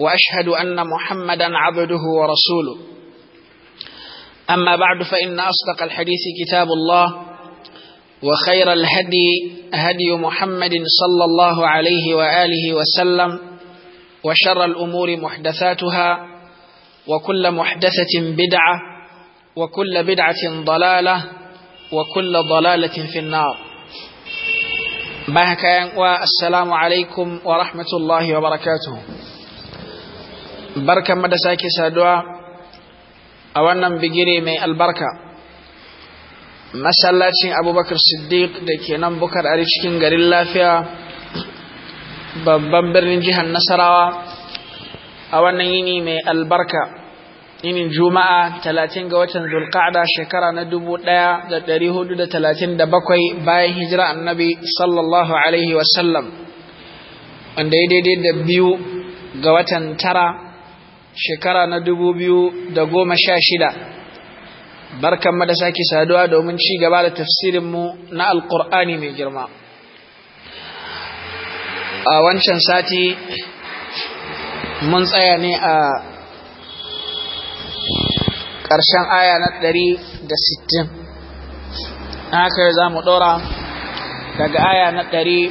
وأشهد أن محمدا عبده ورسوله أما بعد فإن أصدق الحديث كتاب الله وخير الهدي هدي محمد صلى الله عليه وآله وسلم وشر الأمور محدثاتها وكل محدثة بدعة وكل بدعة ضلالة وكل ضلالة في النار السلام والسلام عليكم ورحمة الله وبركاته Barka mada sake saduwa a wannan bigire mai albarka masallacin abubakar siddiq da ke nan bukar ari cikin garin lafiya babban birnin jihar nasarawa a wannan yini mai albarka yinin juma'a talatin ga watan zulqa'da shekara na dubu ɗaya ɗari da da bakwai bayan hijira annabi sallallahu alaihi wasallam wanda ya daidai da biyu ga watan tara shekara na dubu biyu da goma sha shida barkan mu sake saduwa domin ci gaba da tafsirinmu na alkur'ani mai girma a wancan sati mun tsaya ne a ƙarshen aya na ɗari da sittin Na haka za mu ɗora daga aya na ɗari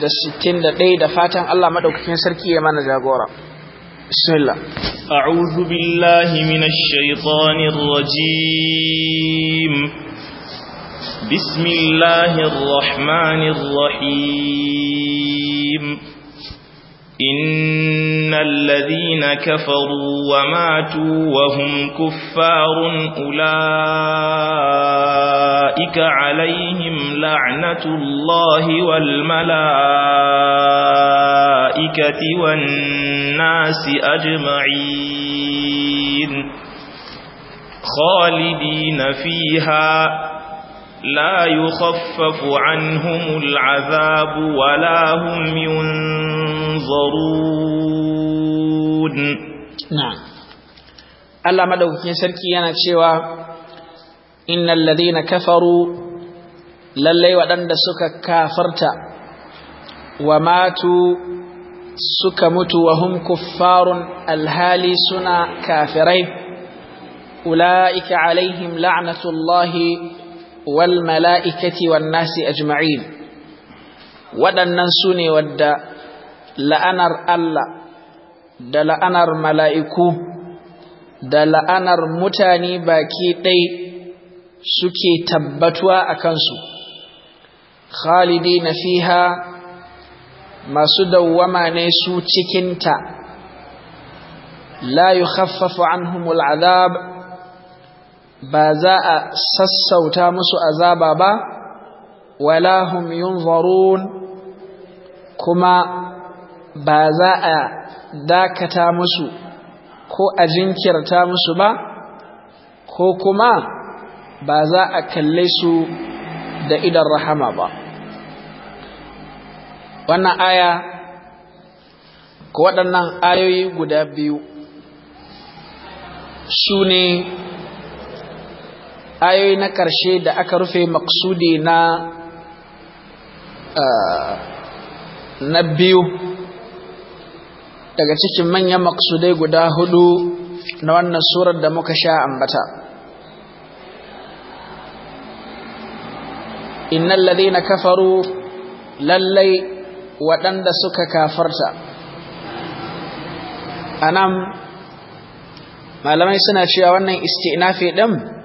da sittin da ɗaya da fatan allah maɗaukakin sarki ya mana jagora بسم الله أعوذ بالله من الشيطان الرجيم بسم الله الرحمن الرحيم إن الذين كفروا وماتوا وهم كفار أولئك عليهم لعنة الله والملائكة والناس أجمعين خالدين فيها لا يخفف عنهم العذاب wala هم ينظرون نعم الله مدوكين سركي yana cewa innal ladina kafaru lallai waɗanda suka kafarta wa matu suka mutu wa hum kuffarun alhali suna kafirai ulaika alaihim la'natullahi wal mala'ikati wan nasi ajma'in waɗannan su ne wadda la'anar Allah da la'anar mala'iku da la'anar mutane baki ɗai suke tabbatuwa a kansu khalidi na fiha masu dawwama ne su cikinta la an humul azab ba za a sassauta musu azaba ba wala hum yunzarun kuma ba za a dakata musu ko a jinkirta musu ba ko kuma ba za a kalle su da idan rahama ba wannan aya ko waɗannan ayoyi guda biyu su ne ayoyi na ƙarshe da aka rufe maksudi na ah, na biyu daga cikin manyan maksudai guda hudu na wannan surar da muka sha ambata innal na kafaru lallai waɗanda suka kafarta a nan malamai suna cewa wannan istinafi ɗin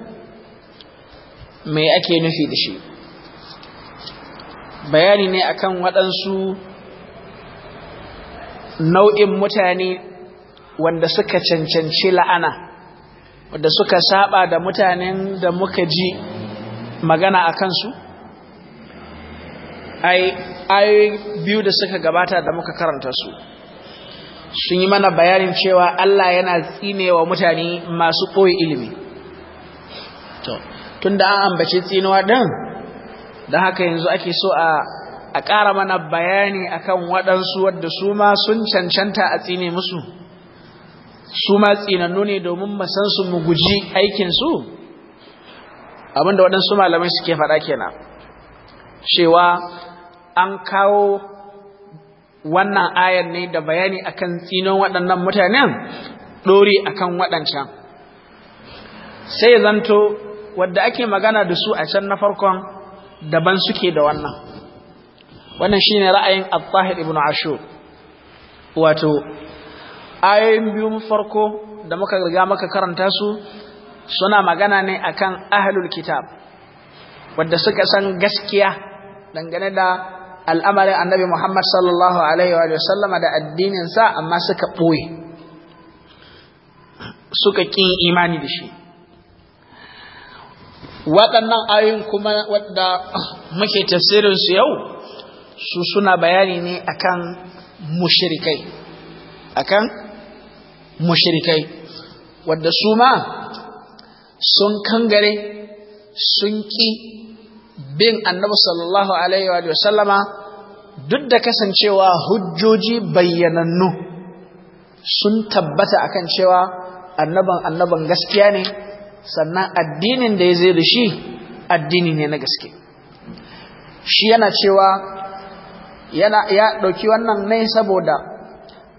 me ake nufi da shi bayani ne akan waɗansu nau'in mutane wanda suka cancanci la'ana wanda suka saba da mutanen da muka ji magana a kansu ai ayoyi biyu da suka gabata da muka karanta su sun yi mana bayanin cewa Allah yana tsinewa mutane masu ɓoye ilimi tunda an ambace tsinuwa din dan haka yanzu ake so a ƙara mana bayani akan waɗansu wadda su ma sun cancanta a tsine musu su ma tsinannu ne domin masansu mu guji aikinsu abinda waɗansu malamai suke faɗa kenan cewa an kawo wannan ayar ne da bayani akan tsinon waɗannan mutanen ɗori akan waɗancan sai zanto wadda ake magana da su a can na farkon daban suke da wannan wannan shine ra'ayin al-tahir ibn ashur wato ayoyin biyun farko da muka riga muka karanta su suna magana ne akan ahlul kitab wadda suka san gaskiya dangane da al'amarin annabi Muhammad sallallahu alaihi wa sallama da addininsa amma suka ɓoye suka ƙin imani da shi waɗannan ayoyin kuma wadda muke tafsirin su yau su suna bayani ne akan mushirikai. akan mushrikai wadda su ma sun kangare sun ki bin annabi sallallahu alaihi wa sallama duk da kasancewa hujjoji bayyanannu sun tabbata akan cewa annaban annaban gaskiya ne sannan addinin da ya zai da shi addini ne na gaske shi yana cewa yana ya ɗauki wannan ne saboda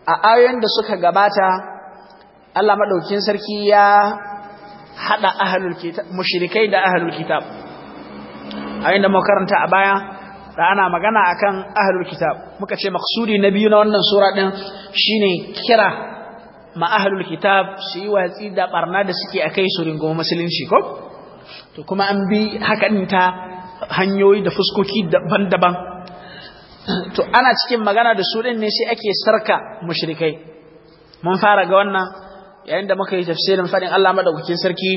a ayoyin da suka gabata Allah maɗaukin sarki ya haɗa ahalul kitab mushrikai da ahalul kitab a inda karanta a baya da ana magana akan ahalul kitab muka ce maksudi na biyu na wannan sura ɗin shine kira ma ahlul kitab su yi watsi da barna da suke akai su ringo musulunci ko to kuma an bi hakan ta hanyoyi da fuskoki daban-daban to ana cikin magana da su din ne sai ake sarka mushrikai mun fara ga wannan yayin da muka yi tafsirin fadin Allah madaukakin sarki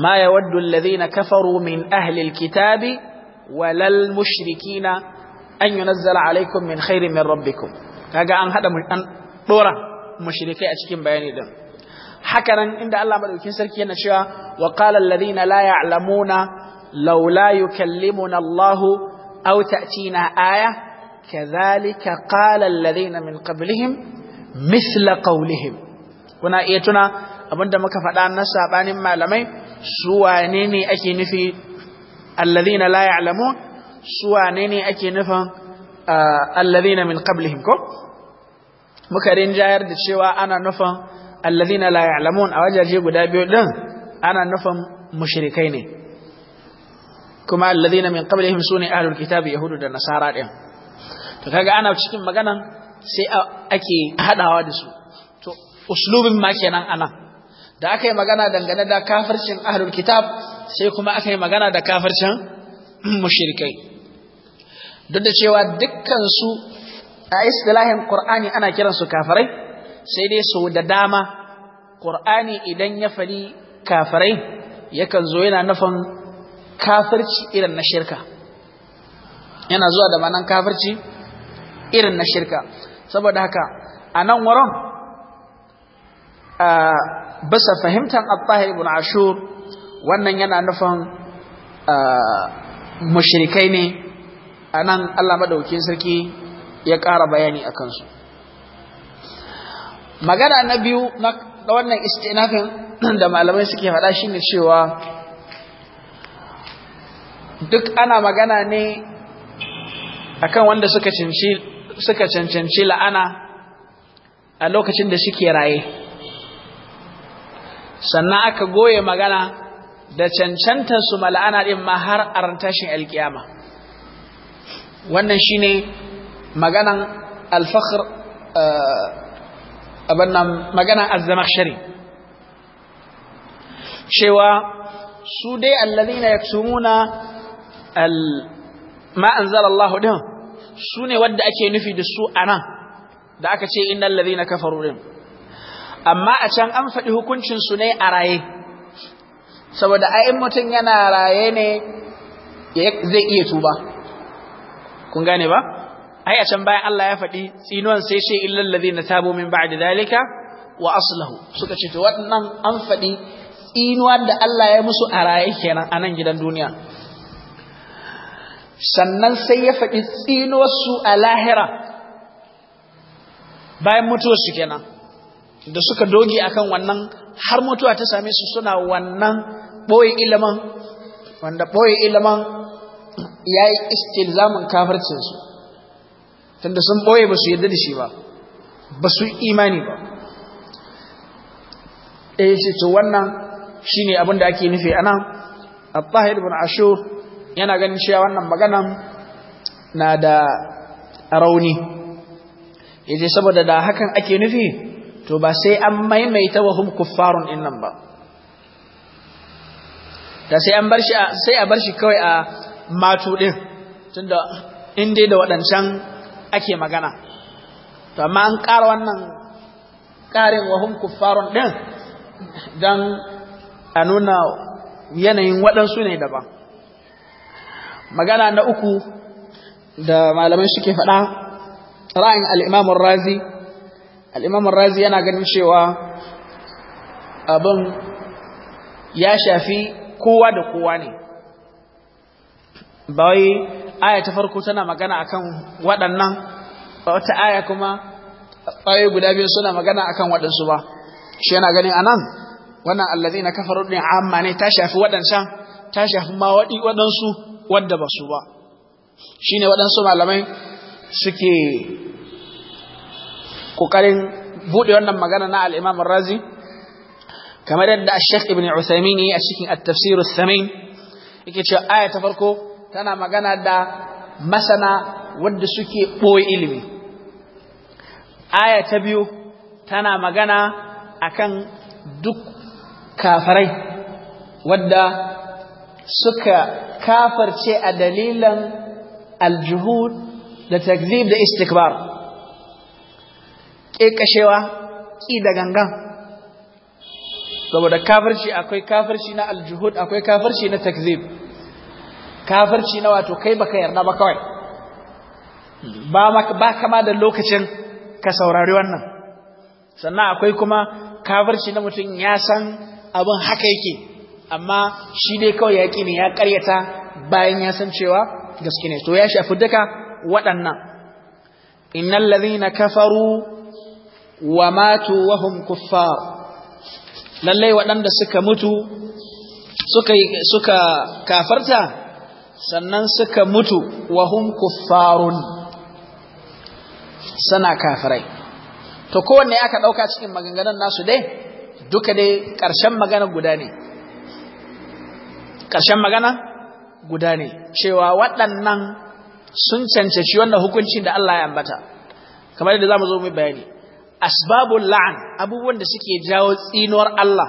ma yawaddu alladhina kafaru min ahli alkitabi walal mushrikina an yunazzala alaikum min khairin min rabbikum kaga an hada an dora mushrikai a cikin bayani din haka nan inda Allah madaukakin sarki yana cewa wa qala alladhina la ya'lamuna laula yukallimuna Allah aw ta'tina aya kadhalika qala alladhina min qablihim misla qawlihim kuna iya tuna abinda muka faɗa na sabanin malamai su wane ne ake nufi alladhina la ya'lamun su wane ne ake nufin ah, alladhina min qablihim ko muka rinjayar da cewa ana nufin allazina la ya'lamun a wajaje guda biyu din ana nufin mushrikai ne kuma allazina min qablihim sune ahlul kitab yahudu da nasara din to kaga ana cikin magana sai ake hadawa da su to uslubin ma kenan ana da aka yi magana dangane da kafircin ahlul kitab sai kuma aka yi magana da kafircin mushrikai duk da cewa dukkan su a istilahin Qur'ani ana kiransu kafirai sai dai sau da dama Qur'ani idan ya fari kafirai yakan zo yana nufin kafirci irin na shirka yana zuwa da manan kafirci irin na shirka saboda haka a nan wurin bisa fahimtar al-tahir ibn ashur wannan yana nufin mushrikai ne a nan allah madaukin sarki ya ƙara bayani a kansu magana na biyu na wannan istinafin da malamai suke faɗa ne cewa duk ana magana ne akan wanda suka cancanci la'ana a lokacin da suke raye sannan aka goye magana da cancantar su mala'ana ɗin ma har a tashin alkiyama wannan shine maganan alfakhr eh, abin nan maganan azzamakshari cewa su dai allazina yaksumuna al ma Allah din su ne wanda ake nufi da su anan da aka ce innal ladina kafaru din amma a can an faɗi hukuncin su ne a raye saboda ai mutum yana raye ne zai iya tuba kun gane ba ai a can bayan Allah ya faɗi tsinuwan sai shi illal ladina tabu min ba'di dalika wa aslahu suka ce to wannan an faɗi tsinuwan da Allah ya musu a raye kenan a nan gidan duniya sannan sai ya faɗi tsinuwar su a lahira bayan mutuwar su kenan da suka doge akan wannan har mutuwa ta same su suna wannan ɓoye ilimin wanda ɓoye ilimin ya yi istilzamin kafircinsu tunda sun boye ba su yarda da shi ba ba su imani ba ɗaya eh, ce to wannan shi ne abin da ake nufi a nan al bin ashur yana ganin cewa wannan maganan na da rauni Ya ce saboda da hakan ake nufi to ba sai an maimaita wa hum kuffarun innan nan ba da sai an bar shi sai a bar shi kawai a matu ɗin tunda in dai da waɗancan ake magana to amma an ƙara wannan ƙarin wahun kuffarun ɗin don a nuna yanayin waɗansu ne daban magana na uku da malamai suke faɗa ra'ayin al'imamun razi al'imamun razi yana ganin cewa abin ya shafi kowa da kowa ne bai aya ta farko tana magana akan waɗannan wata aya kuma ayoyi guda biyu suna magana akan waɗansu ba shi yana ganin nan? wannan allazi na kafaru ne amma ne ta shafi waɗancan ta shafi ma waɗi waɗansu wadda ba su ba Shi ne waɗansu malamai suke ƙoƙarin buɗe wannan magana na al Razi kamar yadda shek Ibn Uthaymeen a cikin at samin yake cewa aya ta farko tana magana da masana wadda suke ɓoye ilimi aya ta biyu tana magana akan duk kafarai wadda suka kafarce a dalilan aljuhud da takzib da istikbar ƙeƙashewa ƙi da gangan saboda kafirci akwai kafirci na aljuhud akwai kafirci na takzib kafirci na wato kai baka yarda ba kawai ba kama da lokacin ka saurari wannan sannan akwai kuma kafirci na mutum ya san abin haka yake amma shi dai kawai yaƙi ne ya ƙaryata bayan ya san cewa gaske ne to ya shafi duka waɗannan innal ladhina kafaru wa matu wa hum kuffar lallai waɗanda suka mutu suka suka kafarta sannan suka mutu wa hun kuffarun sana kafirai to kowanne aka ɗauka cikin maganganun nasu dai duka dai ƙarshen magana guda ne ƙarshen magana guda ne cewa waɗannan sun cancanci wannan hukuncin da Allah ya ambata kamar yadda za mu zo mu bayani Asbabun la'an abubuwan da suke jawo tsinuwar Allah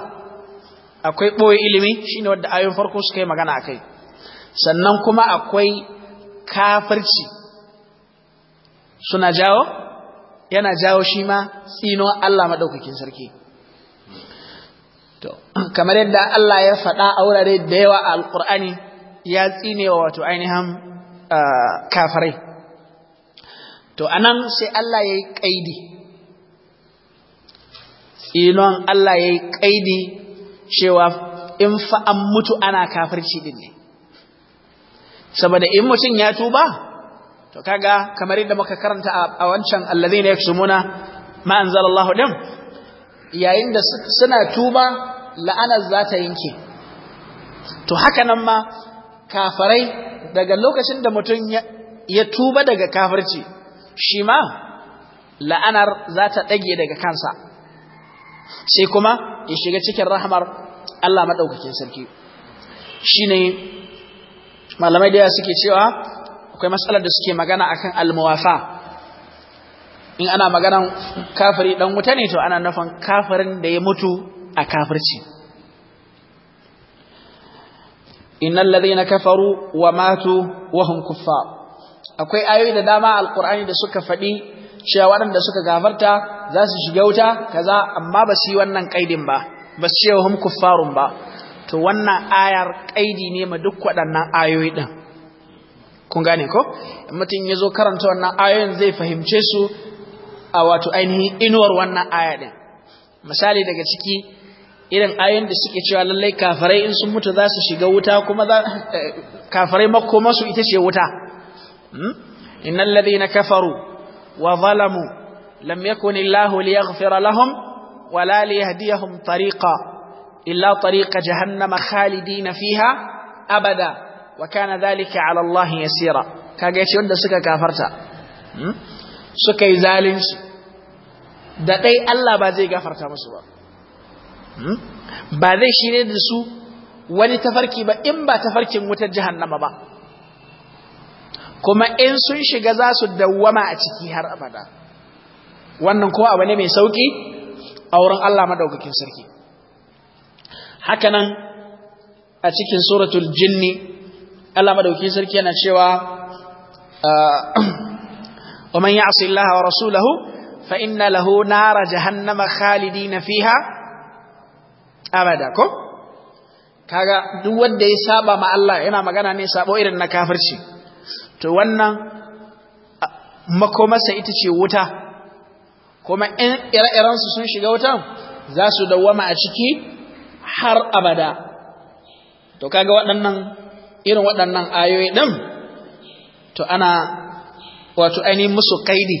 akwai ɓoye ilimi shine wanda ayoyin farko suka yi magana akai sannan kuma akwai kafirci suna jawo yana jawo shi ma tsino Allah maɗaukakin sarki to kamar yadda Allah ya faɗa a wurare da yawa a alƙur'ani ya tsine wa wato ainihin kafirai to anan sai Allah ya yi ƙaidi tsinon Allah ya yi ƙaidi cewa in fa'an mutu ana kafirci din ne saboda in mutum ya tuba to kaga kamar yadda muka karanta a wancan alladhina yaksumuna ma anzalallahu din yayin da suna tuba la'anar za ta yanke to haka nan ma kafarai daga lokacin da mutum ya tuba daga kafirci shi ma la'anar za ta ɗage daga kansa sai kuma ya shiga cikin rahamar Allah maɗaukakin sarki shi malamai da suke cewa akwai matsalar da suke magana akan almuwafa in ana maganan kafiri dan wuta ne to ana nufin kafirin da ya mutu a kafirci innal ladhina kafaru wa matu wa hum akwai ayoyi da dama alqur'ani da suka faɗi cewa waɗanda suka gafarta za su shiga wuta kaza amma ba su yi wannan kaidin ba ba su ce wa hum kuffarun ba to wannan ayar kaidi ne ma duk waɗannan ayoyi din kun gane ko mutum ya zo karanta wannan ayoyin zai fahimce su a wato ainihin inuwar wannan aya ɗin. misali daga ciki irin ayoyin da suke cewa lallai kafirai in sun mutu za su shiga wuta kuma za eh, kafirai makomansu ita ce wuta hmm? innal ladina kafaru wa zalamu lam yakun illahu liyaghfira lahum wala liyahdiyahum tariqa illa tariqa jahannama khalidina fiha abada wa kana dhalika ala Allah yasira kaga yace wanda suka kafarta suka yi zalunci da dai Allah ba zai gafarta musu ba ba zai shine da su wani tafarki ba in ba tafarkin wutar jahannama ba kuma in sun shiga za su dawwama a ciki har abada wannan ko abu ne mai sauki auren Allah madaukakin sarki hakanan a cikin suratul jinni Allah madauki sarki yana cewa ah, wa man ya'si Allah wa rasulahu fa inna lahu nara jahannama khalidina fiha abada ko kaga duk wanda ya saba ma Allah yana magana ne sabo irin na kafirci to wannan makomarsa ita ce wuta kuma in ire-irensu sun shiga wutan za su dawwama a ciki har abada to kaga waɗannan irin waɗannan ayoyi ɗin to ana wato ainihin musu kaidi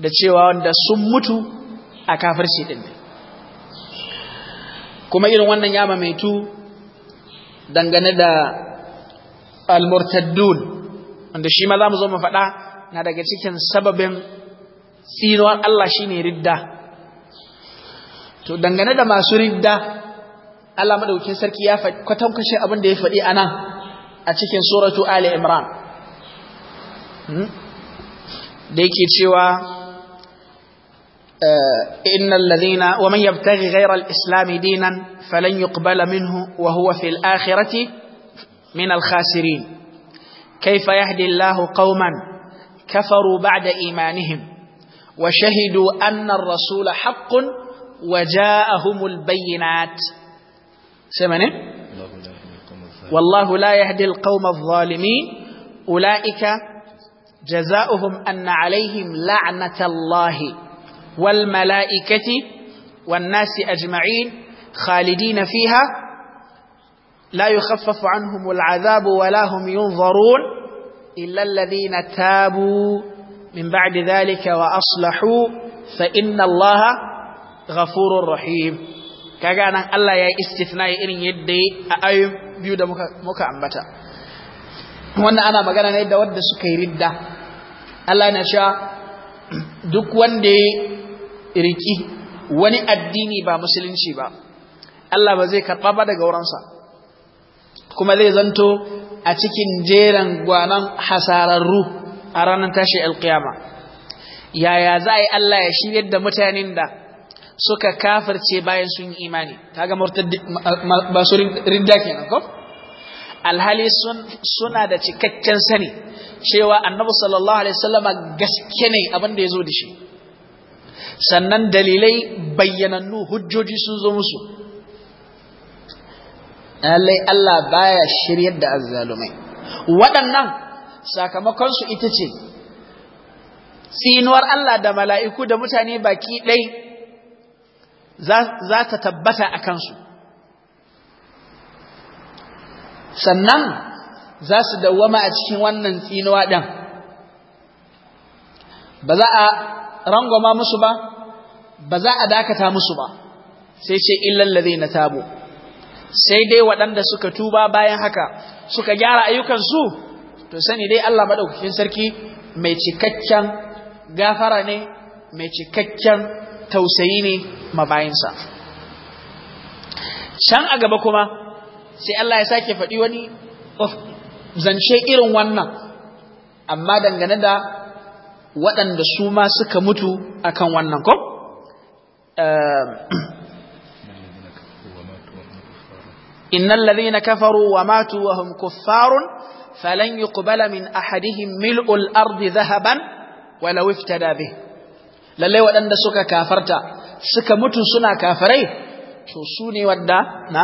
da cewa wanda sun mutu a kafirci ɗin kuma irin wannan ya maimaitu dangane da almurtaddun wanda shi ma za mu zo mu faɗa na daga cikin sababin tsinuwar Allah shi ne ridda to dangane da masu ridda Allah madaukakin sarki ya faɗi abin da ya faɗi anan a cikin suratu Ali Imran. Hmm? Da yake cewa eh, innal ladina wa man yabtaghi islam dinan falan yuqbala minhu wa huwa fil akhirati min al-khasirin. كيف kafaru الله قوما كفروا بعد إيمانهم وشهدوا أن الرسول حق وجاءهم البينات سمعني والله لا يهدي القوم الظالمين أولئك جزاؤهم أن عليهم لعنة الله والملائكة والناس أجمعين خالدين فيها لا يخفف عنهم العذاب ولا هم ينظرون إلا الذين تابوا من بعد ذلك وأصلحوا فإن الله غفور رحيم kaga nan Allah ya yi istithna'i irin yadda a ayu biyu da muka muka ambata wannan ana magana ne da wanda suka yi ridda Allah na cewa duk wanda ya riki wani addini ba musulunci ba Allah ba zai karɓa ba daga wuransa. kuma zai zanto a cikin jeran gwanan hasararru a ranar tashi alkiyama yaya za a yi Allah ya shiryar da mutanen da suka kafirce bayan sun yi imani kaga ba su ridda kenan ko alhali suna da cikakken sani cewa annabi sallallahu alaihi wasallama gaske ne abin da ya zo da shi sannan dalilai bayyanannu hujjoji sun zo musu lallai Allah baya shiryar da azzalumai waɗannan sakamakonsu ita ce tsinuwar Allah da mala'iku da mutane baki ɗai za ta tabbata a kansu sannan za su dawwama a cikin wannan tsinuwa ɗin ba za a rangwama musu ba ba za a dakata musu ba sai ce illallazai na tabo sai dai waɗanda suka tuba bayan haka suka gyara ayyukansu to sani dai Allah maɗaukakin sarki mai cikakken gafara ne mai cikakken tausayi ne mabayinsa can a gaba kuma sai Allah ya sake faɗi wani zance irin wannan amma dangane da waɗanda su ma suka mutu akan wannan ko eh, innal ladhina kafaru wa matu wa hum kuffarun falan yuqbala min ahadihim mil'ul ardi dhahaban walau ta dabe lallai waɗanda suka kafarta suka mutu suna kafarai to su ne wadda na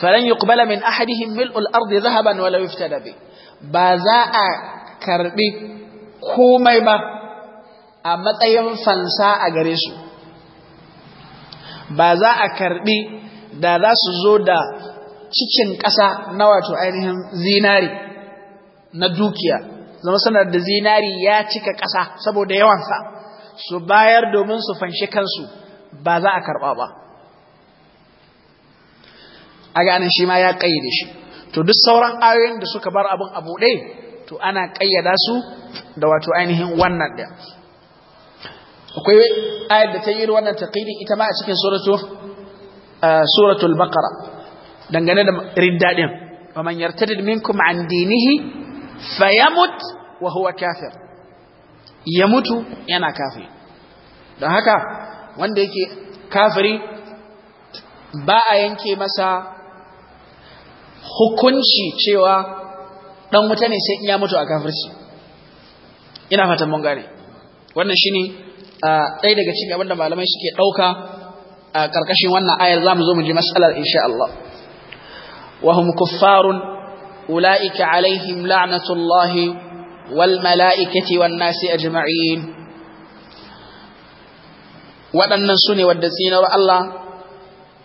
faran yuqbala min ahadihim mil'ul ardi zahaban wala yuftada bi ba za a karbi komai ba a matsayin fansa a gare su ba za a karbi da za su zo da cikin ƙasa na wato ainihin zinari na dukiya zama sanar da zinari ya cika ƙasa saboda yawansa su bayar domin su fanshi kansu ba za a karɓa ba a ganin shi ma ya ƙayyade shi to duk sauran ayoyin da suka bar abun a buɗe to ana ƙayyada su da wato ainihin wannan da. akwai ayar da ta yi wannan taƙidin ita ma a cikin suratul baqara dangane da riddaɗin wa man yartadid minkum an dinihi fayamut wa huwa kafir ya mutu yana kafiri don haka wanda yake kafiri ba a yanke masa hukunci cewa dan wuta ne sai in ya mutu a kafirci ina fatan mun gane wannan shine ɗaya daga cikin abinda malamai suke ɗauka a ƙarƙashin wannan ayar za mu zo mu ji matsalar insha Allah wa hum kuffarun ulaika alaihim la'natullahi والملائكة والناس أجمعين waɗannan su ne wadda tsinuwar Allah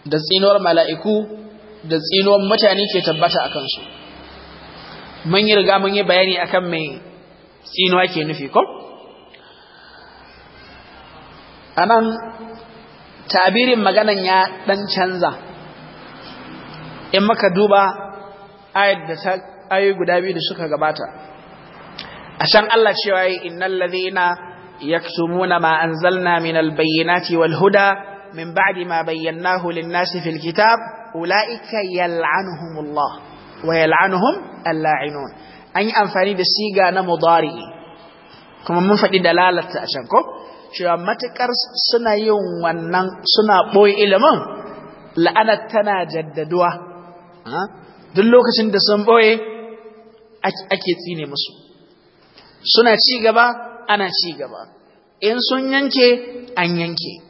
da tsinuwar mala'iku da tsinuwar mutane ke tabbata a kansu mun yi riga mun yi bayani akan mai tsinuwa ke nufi ko? a nan tabirin maganan ya ɗan canza in maka duba ayat da ta guda biyu da suka gabata a shan Allah cewa yi innal ladhina yaksumuna ma anzalna minal bayyinati wal huda min ba'di ma bayyanahu lin nasi fil kitab ulaika yal'anuhumullah wa yal'anuhum al-la'inun an yi amfani da siga na mudari kuma mun faɗi dalalarta a shan ko cewa matukar suna yin wannan suna ɓoye ilimin la'anar tana jaddaduwa ah? duk lokacin da sun ɓoye ake tsine musu suna ci gaba ana ci gaba in sun yanke an yanke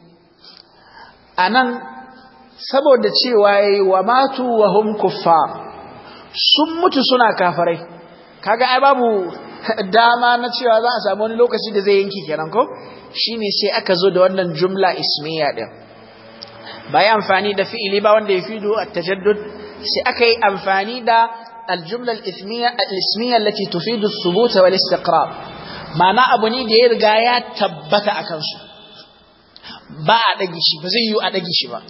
a nan saboda cewa yi wa matu wa hum sun mutu suna kafarai kaga ai babu dama na cewa za a samu wani lokaci da zai yanke kenan ko shine sai aka zo da wannan jumla ismiya din yi amfani da fi'ili ba wanda ya fido at-tajaddud sai aka yi amfani da الجملة الإثمية الإسمية التي تفيد الثبوت والاستقرار معنى أبو نيدي يرغايا تبت أكنسو با أدقشي بزيو أدقشي با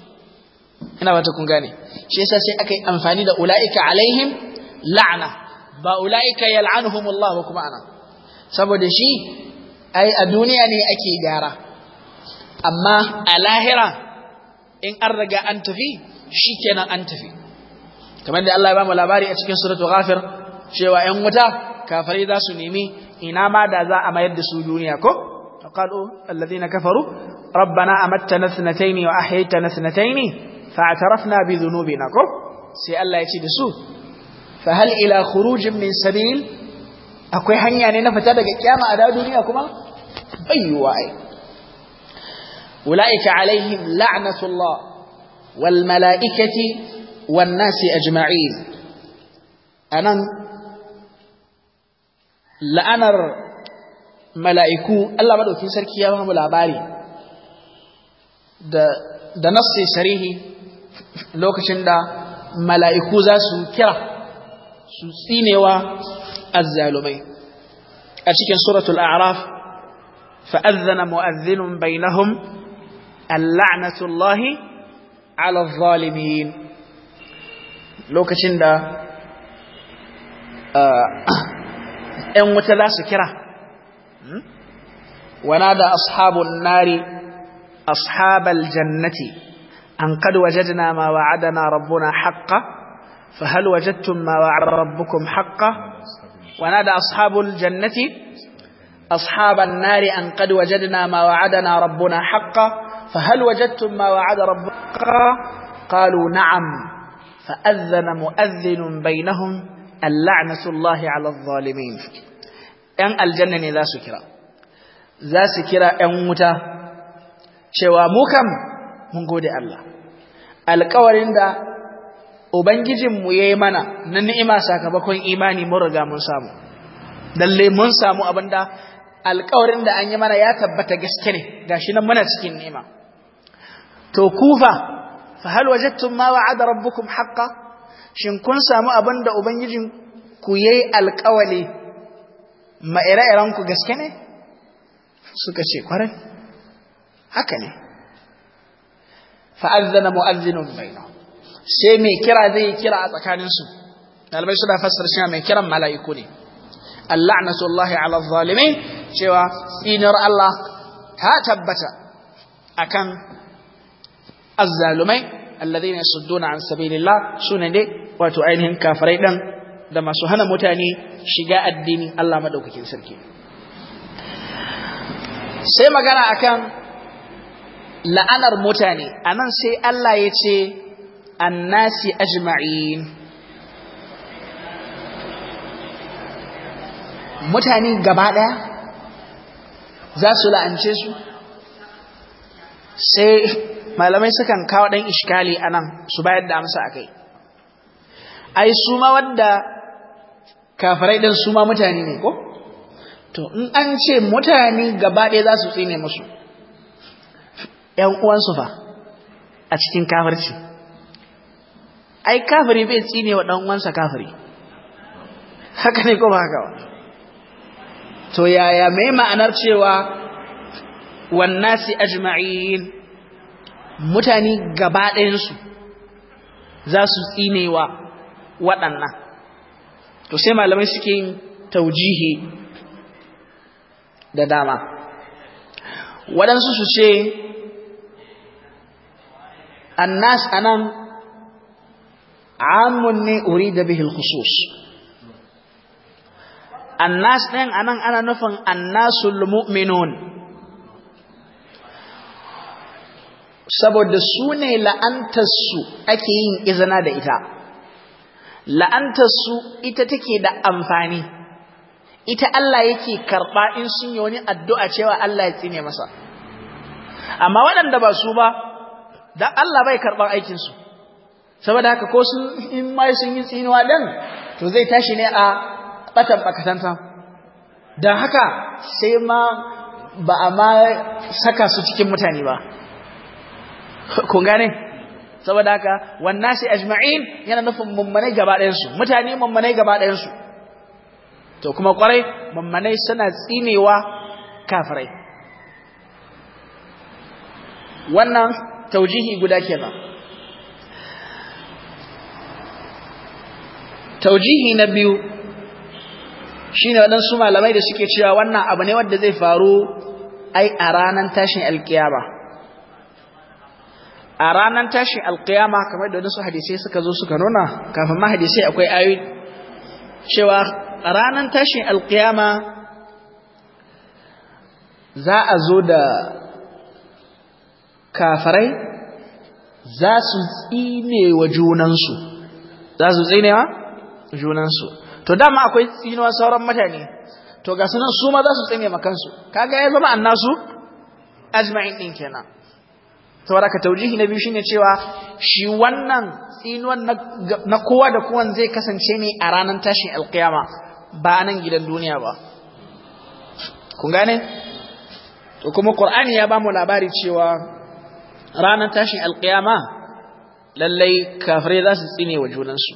هنا باتكون غاني شيء ساسي أكي أنفاني دا أولئك عليهم لعنة با أولئك يلعنهم الله وكما أنا سبو دشي أي الدنيا ني أكي جارة أما الاهرة إن أرغى أن تفي شي كان أن تفي kamar da Allah ya ba mu labari a cikin suratul ghafir cewa ƴan wuta kafirai za su nemi ina ma da za a mayar da su duniya ko qalu alladhina kafaru rabbana amattana thnatayn wa ahyaytana thnatayn fa'tarafna bi dhunubina ko sai Allah ya ce da su fa hal ila khurujin min sabil akwai hanya ne na fita daga kiyama a duniya kuma bayyuwa ai ulaika alaihim la'natullah wal mala'ikati wannasi ajma'in anan la'anar mala'iku Allah madaukin sarki ya ba mu labari da nassi sarihi lokacin da mala'iku za su kira su tsinewa azzalumai a cikin suratul a'raf fa'adhana mu'adhdhinun bainahum اللعنة الله على الظالمين lokacin da ‘yan wuta za su kira wana da ashabun nari ashabal jannati an kad wajadna ma wa'adana rabbuna haqqa fa hal wajadtum ma wa'ada rabbukum haqqa wana da ashabul jannati ashaban nari an kad wajadna ma wa'adana rabbuna haqqa fa hal wajadtum ma wa'ada rabbukum haqqa qalu na'am fa'azzana mu'azzinun bainahum al'anatullahi ala zalimin ‘yan aljanna ne za su kira za su kira ‘yan wuta cewa mu mun gode Allah alkawarin da ubangijinmu ya yi mana na ni'ima sakamakon imani mun mun samu lalle mun samu abin da, alkawarin da an yi mana ya tabbata gaske ne gashi nan muna cikin ni'ima to kufa fa hal wajadtum ma wa'ada rabbukum haqqan shin kun samu abin da ubangijin ku yayi alƙawali ma ire-iren ku gaske ne suka ce haka ne fa azzana mu'azzinun bainahum sai mai kira zai kira a tsakaninsu dalibai suna fassara cewa mai kiran mala'iku ne al'anatullahi ala zalimin cewa tsinar Allah ta tabbata akan azzalumai alladhina yasudduna an sabilillah sune ne wato ainihin kafirai dan da masu hana mutane shiga addini Allah madaukakin sarki sai magana akan la'anar mutane anan sai Allah ya ce annasi ajma'in mutane gaba ɗaya za su la'ance su sai malamai sukan kawo ɗan ishkali a nan su bayar da amsa a kai ai su ma wadda kafirai ɗin su ma mutane ne ko to in an ce mutane gaba ɗaya za su tsine musu ‘yan uwansu fa a cikin kafirci ai kafiri bai tsine wa ɗan uwansa kafiri haka ne ko ba haka to yaya mai ma'anar cewa wannasi ajma'in mutane gaba ɗayansu za su tsinewa waɗannan to sai malamai suke yin taujihi da dama waɗansu su ce annas anan amun ne da bihil khusus annas ɗin anan ana nufin annasul mu'minun saboda su ne la'antarsu ake yin izina da ita la'antarsu ita take da amfani ita Allah yake karɓa in sun yi wani addu'a cewa Allah ya tsine masa amma waɗanda ba su ba da Allah bai karɓar aikinsu saboda haka ko sun in ma sun yi tsinuwa dan to zai tashi ne a ɓatan ɓakatanta don haka sai ma ba a ma saka su cikin mutane ba Kunga gane saboda haka wannashi ajma'in yana nufin mummanai gaba ɗayan su mutane mummanai gaba ɗayan su to kuma kwarai mummanai suna tsinewa kafirai wannan taujihi guda kenan taujihi na biyu shine waɗansu malamai da suke cewa wannan abu ne wanda zai faru ai a ranar tashin alkiyama a ranar tashin alkiyama kamar da wadansu hadisai suka zo suka nuna kafin ma hadisai akwai ayoyi cewa a ranar tashin alkiyama za a zo da kafarai za su tsine wa junansu za su tsine wa junansu to dama akwai tsinewa sauran mutane to ga sunan su ma za su tsine makansu kaga ya zama annasu ajma'in din kenan saboda ka taujihi na biyu shine cewa shi wannan tsinuwan na kowa da kowan zai kasance ne a ranar tashin alkiyama ba nan gidan duniya ba kun gane to kuma qur'ani ya bamu labari cewa ranar tashin alkiyama lallai kafirai za su tsine wa junansu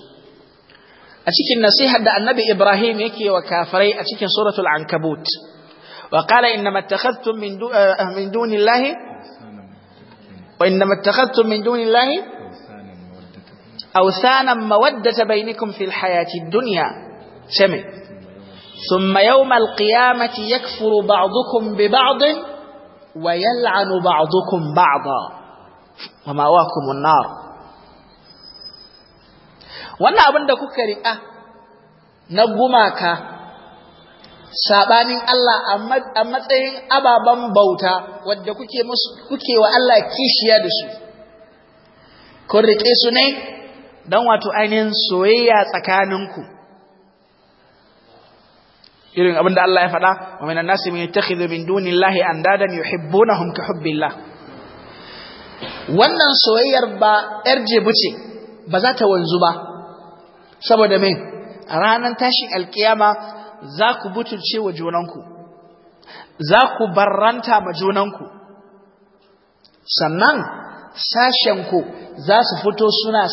a cikin nasihar da annabi ibrahim yake wa kafirai a cikin suratul ankabut wa qala inna mattakhadtum min eh, وإنما اتخذتم من دون الله أوثانا مودة بينكم في الحياة الدنيا سمع ثم يوم القيامة يكفر بعضكم ببعض ويلعن بعضكم بعضا ومأواكم النار وانا ابن دكوكري اه نبو sabanin Allah a matsayin ababen bauta wadda kuke wa Allah kishiya da su Ko rike su ne don wato ainihin soyayya tsakaninku irin abin da Allah ya faɗa wa minan nasi an dada ne, dunillahi andadan na ka hubbilla. wannan soyayyar ba yar jebu ce ba za ta wanzu ba saboda mai, ranar tashin alkiyama za ku butulce wa junanku za ku barranta ma junanku sannan sashenku za su fito suna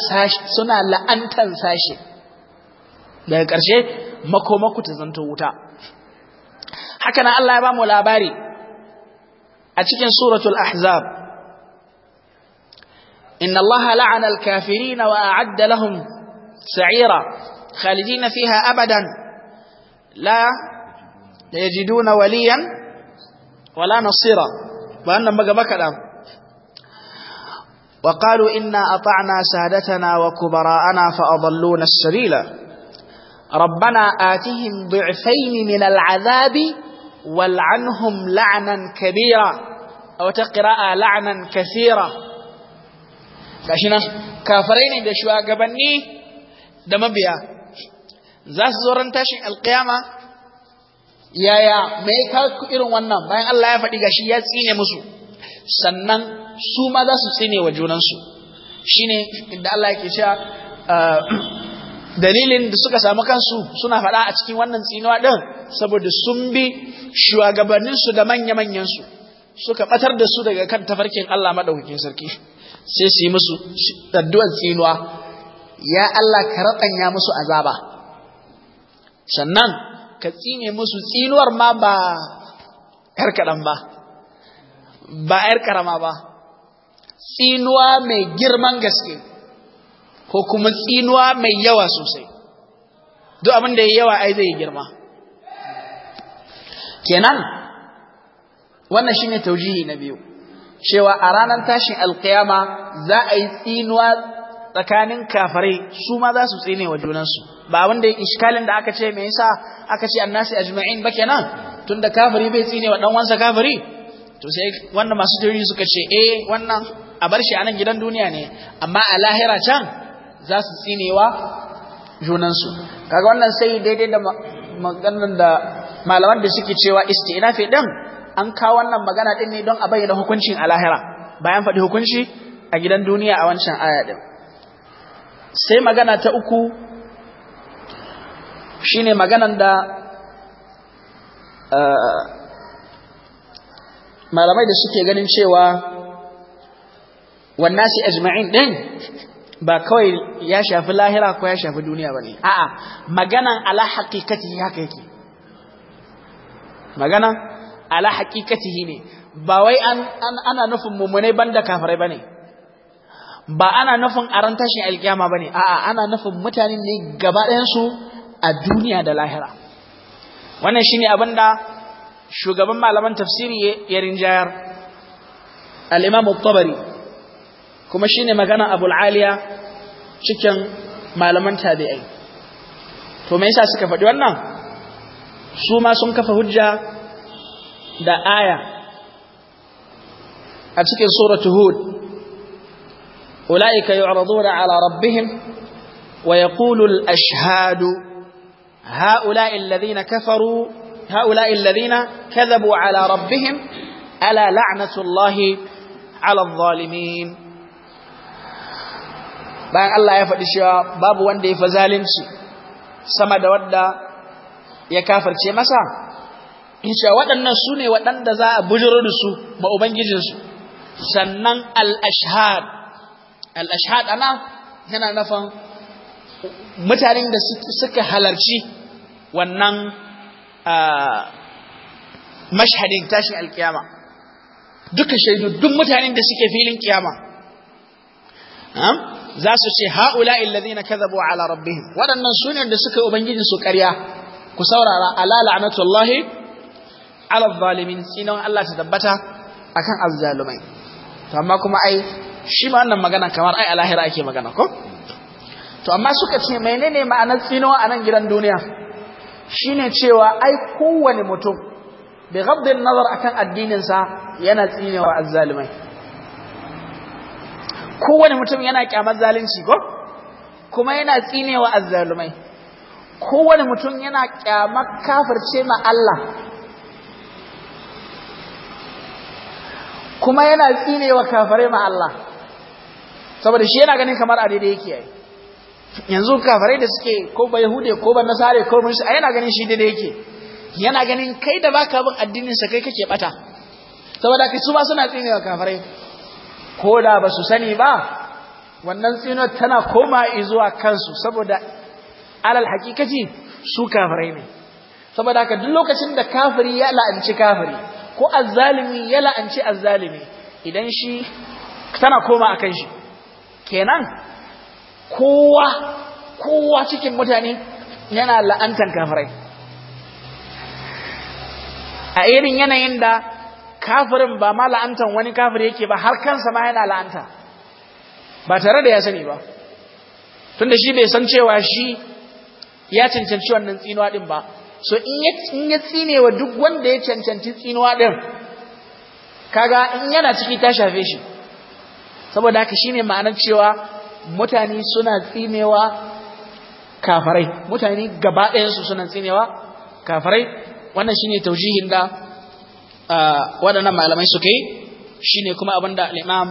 suna sashe daga ƙarshe makomaku ta zanto wuta haka na Allah ya ba mu labari a cikin suratul ahzab inna allaha la'ana al-kafirin wa a'adda lahum sa'ira khalidina fiha abadan لا يجدون وليا ولا نصيرا وأن مقبك وقالوا إنا أطعنا سادتنا وكبراءنا فأضلونا السبيل ربنا آتهم ضعفين من العذاب والعنهم لعنا كبيرا أو تقراء لعنا كثيرا كاشنا كافرين دشوا قبني دمبيا za su zo ran tashin alkiyama yaya mai ka irin wannan bayan Allah ya faɗi gashi ya tsine musu sannan su ma za su tsine wa junansu Shi ne inda Allah ke cewa ah, dalilin da suka samu kansu suna faɗa a cikin wannan tsinuwa ɗin saboda sun bi shugabanninsu da manya-manyansu suka ɓatar da su daga kan tafarkin Allah maɗaukakin sarki sai su yi musu addu'ar tsinuwa ya Allah ka raɗanya musu azaba sannan ka tsine musu tsinuwar ma ba ‘yar kaɗan ba ba ‘yar karama ba tsinuwa mai girman gaske ko kuma tsinuwa mai yawa sosai duk abin da ya yawa ai zai girma kenan wannan shine taujihi na biyu cewa a ranar tashin alkiyama za a yi tsinuwa tsakanin kafirai su ma za su tsine wa junansu ba wanda ya iskalin da aka ce me yasa aka ce annasi ajma'in ba kenan tunda kafiri bai tsine wa dan wansa kafiri to sai wannan masu jiri suka ce eh wannan a bar shi a nan gidan duniya ne amma a lahira can za su tsinewa junansu kaga wannan sai daidai da maganar da malaman da suke cewa istinafi din an kawo wannan magana din ne don a bayyana hukuncin a lahira bayan faɗi hukunci a gidan duniya a wancan aya din sai magana ta uku shine maganan da eh, malamai da suke ganin cewa wannan shi ajma'in din ba kawai ya shafi lahira ko ya shafi duniya ba ne a'a maganan ala haƙiƙati haka yake magana ala haƙiƙatihi ne ba wai ana nufin mummunai banda kafirai bane ba ana nufin a ran tashin alkiyama ne. a'a ana nufin mutane ne gaba ɗayansu a duniya da lahira wannan shi ne abin da shugaban malaman tafsiri ya rinjayar al kuma tabari kuma shine magana abul'aliya cikin malaman tabi'ai to me sa suka faɗi wannan su ma sun kafa hujja da aya a cikin suratu hud أولئك يعرضون على ربهم ويقول الأشهاد هؤلاء الذين كفروا هؤلاء الذين كذبوا على ربهم ألا لعنة الله على الظالمين bayan Allah ya faɗi cewa babu wanda ya fi zalunci sama da wadda ya kafarce masa insha waɗannan su ne waɗanda za a bujiro da su ma Ubangijinsu sannan al-ashhad al-ashhad yana nufin mutanen da suka halarci wannan mashhadin tashin alkiyama duka shaidu duk mutanen da suke filin kiyama za su ce ha'ula illazina kadhabu ala rabbihim waɗannan sune da suka ubangijin su ƙarya ku saurara ala la'natullahi ala zalimin Allah ta tabbata akan azzalumai to amma kuma ai shi ma wannan magana kamar ai alahira ake magana ko to amma suka ce menene ma'anar tsinuwa a nan gidan duniya shine cewa ai kowane mutum bi ghaddin nazar akan addininsa yana tsinewa azzalimai kowane mutum yana kyamar zalunci ko kuma yana tsinewa azzalimai kowane mutum yana kyamar kafirce ma Allah kuma yana tsinewa kafare ma Allah saboda shi yana ganin kamar a daidai yake yayi yanzu kafirai da suke ko ba yahude ko ba nasare ko mun shi yana ganin shi daidai yake yana ganin kai da baka bin addinin sa kai kake bata saboda kai su ba suna tsinewa kafirai ko da ba su sani ba wannan tsinuwar tana koma zuwa kansu saboda alal hakikaci su kafirai ne saboda ka duk lokacin da kafiri ya la'anci kafiri ko azzalimi ya la'anci azzalimi idan shi tana koma akan shi kenan kowa kowa cikin mutane yana la'antar kafirai a irin yanayin da kafirin ba ma la'antar wani kafir yake ba har kansa ma yana la'anta ba tare da ya sani ba tunda shi bai san cewa shi ya cancanci wannan tsinuwa din ba so in ya tsine wa duk wanda ya cancanci tsinuwa din kaga in yana ciki ta shafe shi saboda haka shine ma'anar cewa mutane suna tsinewa kafarai mutane gaba su suna tsinewa kafarai wannan shine taujihin da waɗannan malamai suka yi shine kuma abin da al'imam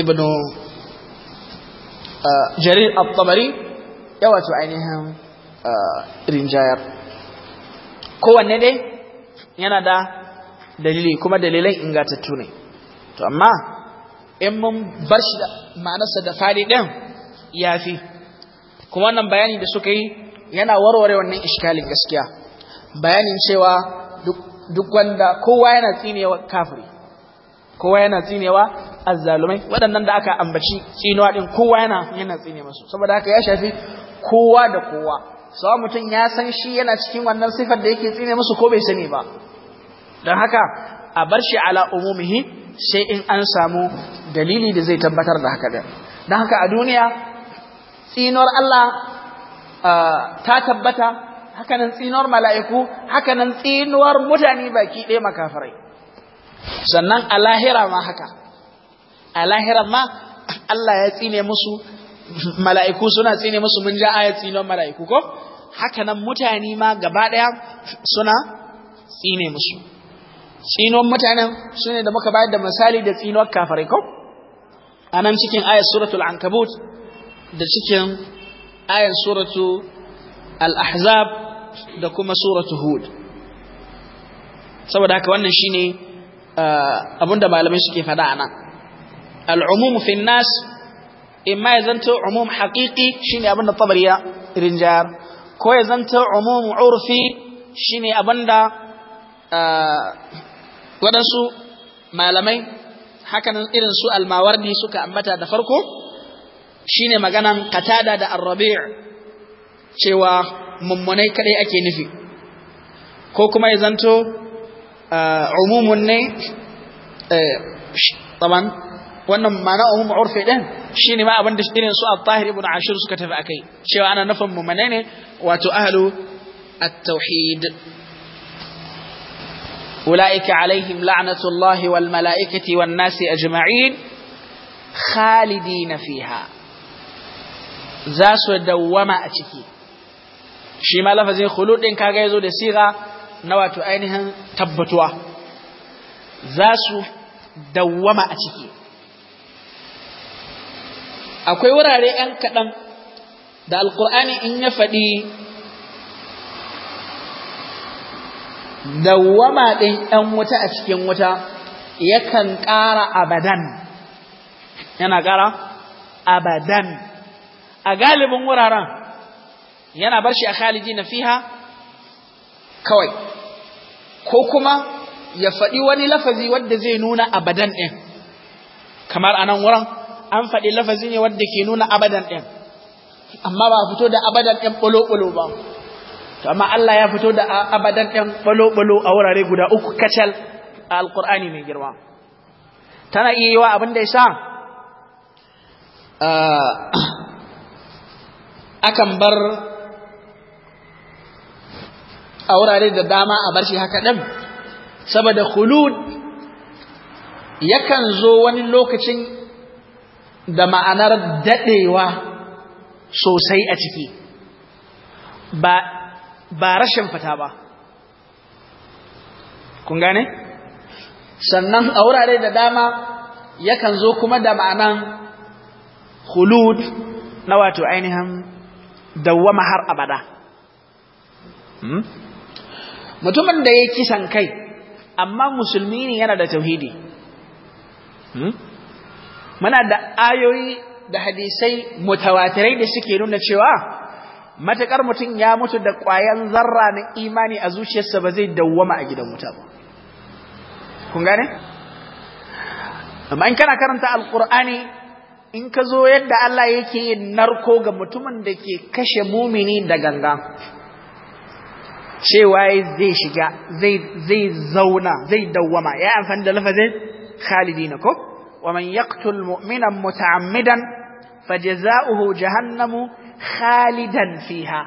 ibn jarir al-tabari ya wato ainihin rinjayar kowanne dai yana da dalili kuma dalilan ingatattu ne to amma in mun bar shi da ma'anarsa da fadi ɗin ya fi kuma wannan bayani da suka yi yana warware wannan iskalin gaskiya bayanin cewa duk wanda kowa yana tsinewa kafiri kowa yana tsinewa azzalumai waɗannan da aka ambaci tsinewa ɗin kowa yana yana tsine masu saboda haka ya shafi kowa da kowa sawa mutum ya san shi yana cikin wannan sifar da yake tsine musu ko bai sani ba don haka a bar shi ala umumihi sai in an samu dalili da zai tabbatar da haka din don haka a duniya tsinuwar Allah ta tabbata hakanan tsinuwar mala'iku hakanan tsinuwar mutane baki ɗaya makafirai sannan a lahira ma haka a lahira ma Allah ya tsine musu mala'iku suna tsine musu mun ja aya tsinuwar mala'iku ko hakanan mutane ma gaba ɗaya suna tsine musu tsinuwan mutanen su ne da muka bayar da misali da tsinuwar kafarai ko a nan cikin ayar suratul ankabut da cikin ayar suratu al-ahzab da kuma suratu hud saboda haka wannan shi shine eh, abinda malamai suke faɗa a nan al'umumu fi nas imma ya zanto umum haƙiƙi ne abinda tabariya rinjar ko ya zanto umum urfi ne abinda eh, waɗansu malamai hakanan irin su almawardi suka ambata da farko shine maganan katada da arrabi' cewa mummunai kadai ake nufi ko kuma ya zanto eh, umumun ne eh, taban wannan ma'ana umum urfi din shine ma abinda irin su at-tahir ibn ashir suka tafi akai cewa ana nufin mummunai ne wato ahlu at-tauhid أولئك عليهم لعنة الله والملائكة والناس أجمعين خالدين فيها ذاس دوما أتكي شما لفظين خلود إن كاقيزو لسيغة نوات أينها تبتوا ذاس دوما أتكي akwai wurare ‘yan kaɗan da alƙur'ani in ya faɗi dawwama ɗin ‘yan wuta a cikin wuta yakan ƙara abadan, yana ƙara abadan, a galibin wuraren yana bar shi a khaliji na fiha kawai, ko kuma ya faɗi wani lafazi wadda zai nuna abadan ɗin, kamar a nan wurin an faɗi lafazi ne wadda ke nuna abadan ɗin, amma ba fito da abadan ɗin ɓolo-ɓolo ba. to amma Allah ya fito da abadan ɗan balo-balo a wurare guda uku kacal a Alƙur'ani mai girma tana iya yi wa abin da ya sa ah, akan bar a wurare da dama a bar shi haka ɗan saboda hulud yakan zo wani lokacin da ma'anar daɗewa sosai a ciki ba ba rashin fita ba kun gane sannan a wurare da dama yakan zo kuma da ma'anan khulud na wato ainihin dawwama har abada hmm? mutumin da ya kisan kai amma musulmi ne yana da tauhidi hmm? muna da ayoyi da hadisai mutawatirai da suke nuna cewa matakar mutum ya mutu da ƙwayan zarra na imani a zuciyarsa ba zai dawwama a gidan wuta ba kun gane amma in kana karanta alkur'ani in ka zo yadda Allah yake yin narko ga mutumin da ke kashe mumini da ganga cewa zai shiga zai zauna zai dawwama ya amfani da lafazin khalidina ko wa man yaqtul mu'mina muta'ammidan fajaza'uhu jahannamu khalidan fiha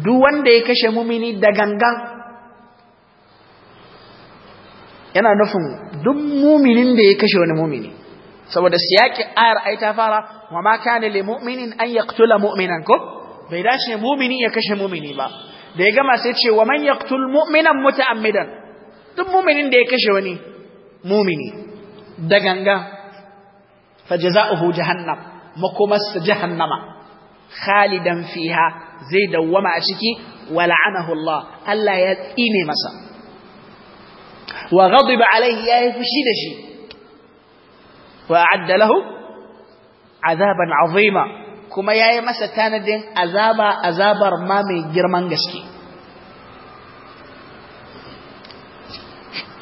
duk wanda ya kashe mumini da gangan yana nufin duk muminin da ya kashe wani mumini saboda siyaki ayar ai ta fara wa ma kana lil mu'minin an yaqtula mu'minan ko bai dace mumini ya kashe mumini ba da ya gama sai ce wa man yaqtul mu'minan muta'ammidan duk muminin da ya kashe wani mumini da ganga fa jaza'uhu jahannam makomarsa jahannama khalidan fiha zai dawwama a ciki wala'anahu Allah Allah ya tsine masa wa ghadiba ya yayi fushi da shi wa adda lahu azaban azima kuma yayi masa tanadin azaba azabar ma mai girman gaske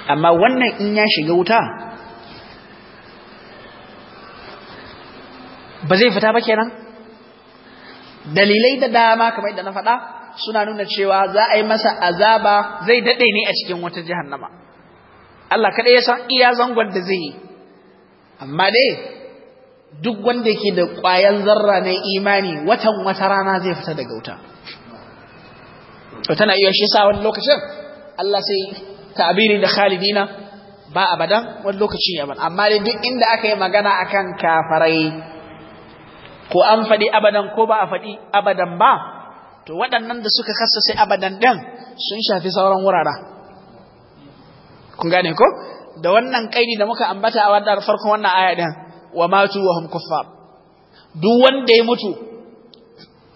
amma wannan in ya shiga wuta ba zai fita ba kenan dalilai da dama kamar yadda na faɗa suna nuna cewa za a yi masa azaba zai daɗe ne a cikin wata jahannama Allah kaɗai ya san iya zangon da zai yi amma dai duk wanda ke da ƙwayan zarra na imani watan wata rana zai fita daga wuta to tana iya shi sa wani lokacin Allah sai ta'abiri da khalidina ba abadan wani lokaci ban amma dai duk inda aka yi magana akan kafarai ko an faɗi abadan ko ba a faɗi abadan ba to waɗannan da suka sai abadan ɗin sun shafi sauran wurara kun gane ko da wannan kaidi da muka ambata a wadda farkon wannan aya ɗin wa matu wa hum kuffar duk wanda ya mutu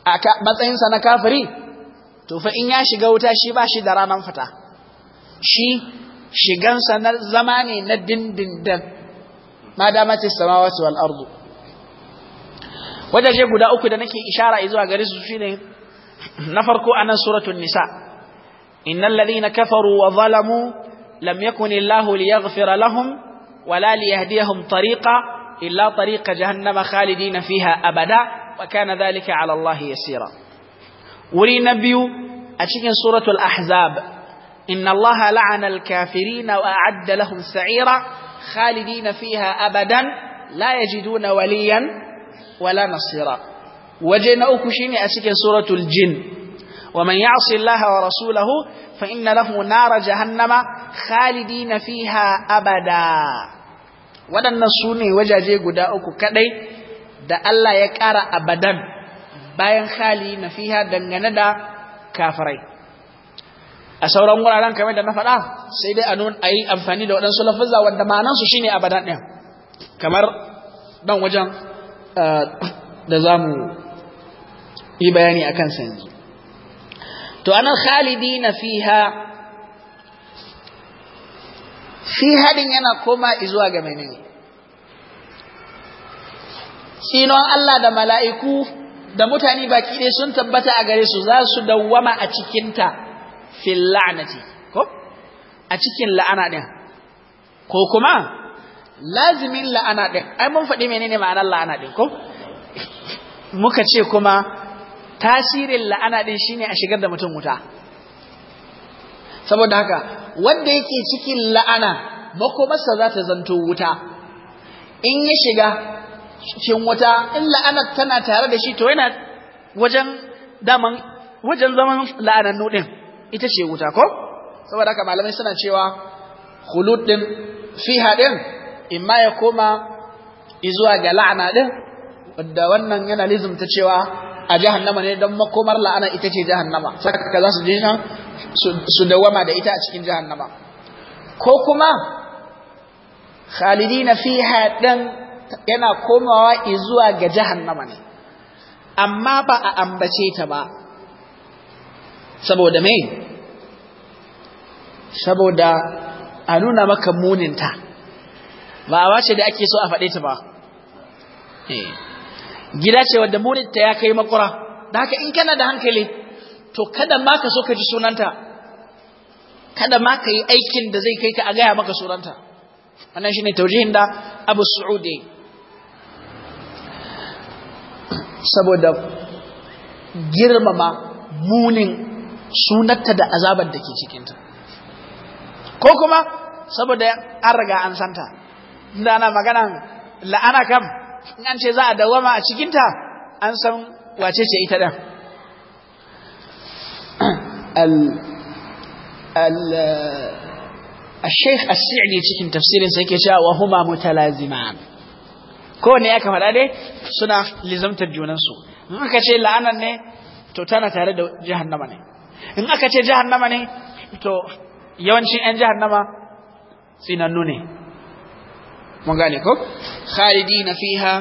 a matsayinsa na kafiri to fa in ya shiga wuta shi ba shi da ranar fita shi shigansa na zama ne na dindindin ma damatis samawati wal ardh wajaje guda uku da nake ishara zuwa gare su shine na farko anan suratul nisa innal ladhina kafaru wa zalamu lam yakun illahu liyaghfira lahum wala liyahdiyahum tariqa illa tariqa jahannama khalidina fiha abada wa kana dhalika ala allahi yasira wuri na biyu a cikin suratul ahzab inna allaha la'ana kafirina wa a'adda lahum sa'ira khalidina fiha abadan la yajiduna waliyan wala nasira waje na uku shine a cikin suratul jin wa man ya'si allaha wa rasulahu fa inna lahu nara jahannama khalidina fiha abada waɗannan sune wajaje guda uku kadai da Allah ya kara abadan bayan khali na fiha dangane da kafirai a sauran wuraren kamar da na faɗa sai dai a nun a amfani da waɗansu lafuzza wanda ma'anansu shine abadan ɗin kamar ɗan wajen da za mu yi bayani a kansa yanzu to anan khalidi na fiha fi haɗin yana koma izuwa ga menene Sinon Allah da mala'iku da mutane baki ɗaya sun tabbata a gare su za su dawwama a cikinta fil la'anati ko a cikin la'ana ɗin ko kuma lazimin la'ana din ai mun faɗi menene ma'anar la'ana din ko muka ce kuma tasirin la'ana ɗin shine a shigar da mutum wuta saboda haka wanda yake cikin la'ana makomarsa za ta zanto wuta in ya shiga cikin wuta in la'anar tana tare da shi to yana wajen daman wajen zaman la'anannu din ita ce wuta ko saboda haka malamai suna cewa khulud din fiha din imma ya koma izuwa ga la'ana din wanda wannan yana ta cewa a jahannama ne don makomar la'ana ita ce jahannama saka za su je nan su dawama da ita a cikin jahannama ko kuma khalidina fiha dan yana komawa izuwa ga jahannama ne amma ba a ambace ta ba saboda me saboda a nuna maka muninta ba a wace da ake so a faɗe ta ba eh. gida ce wadda murinta ya kai makura da haka in kana da hankali to kada ma ka so ka ji sunanta kada ma ka yi aikin da zai kai ka a gaya maka sunanta wannan shi ne taujihin da abu su'udi saboda girmama munin sunanta da azabar da ke cikinta ko kuma saboda an riga an santa da ana magana la'ana kam in an ce za a dawama a cikinta an san wace ce ita ɗan uh, al-sheikh al cikin tafsirin sai ke cewa wa huma mutalaziman kowane ya kama dai suna lizamtar junansu in aka ce la'anan ne to tana tare da jahannama ne in aka ce jahannama ne to yawancin 'yan jahannama tsinannu ne mun gane ko khalidina fiha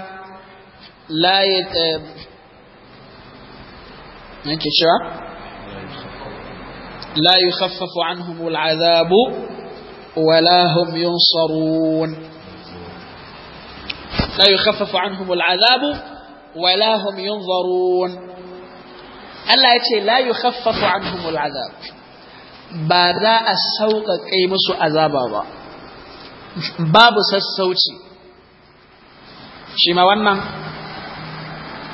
la yat nake cewa la yukhaffafu anhum al'adabu wala hum yunsarun la yukhaffafu anhum al'adabu wala hum yunzarun Allah ya ce la yukhaffafu anhum al'adab ba za a sauƙaƙe musu azaba ba babu sassauci shi ma wannan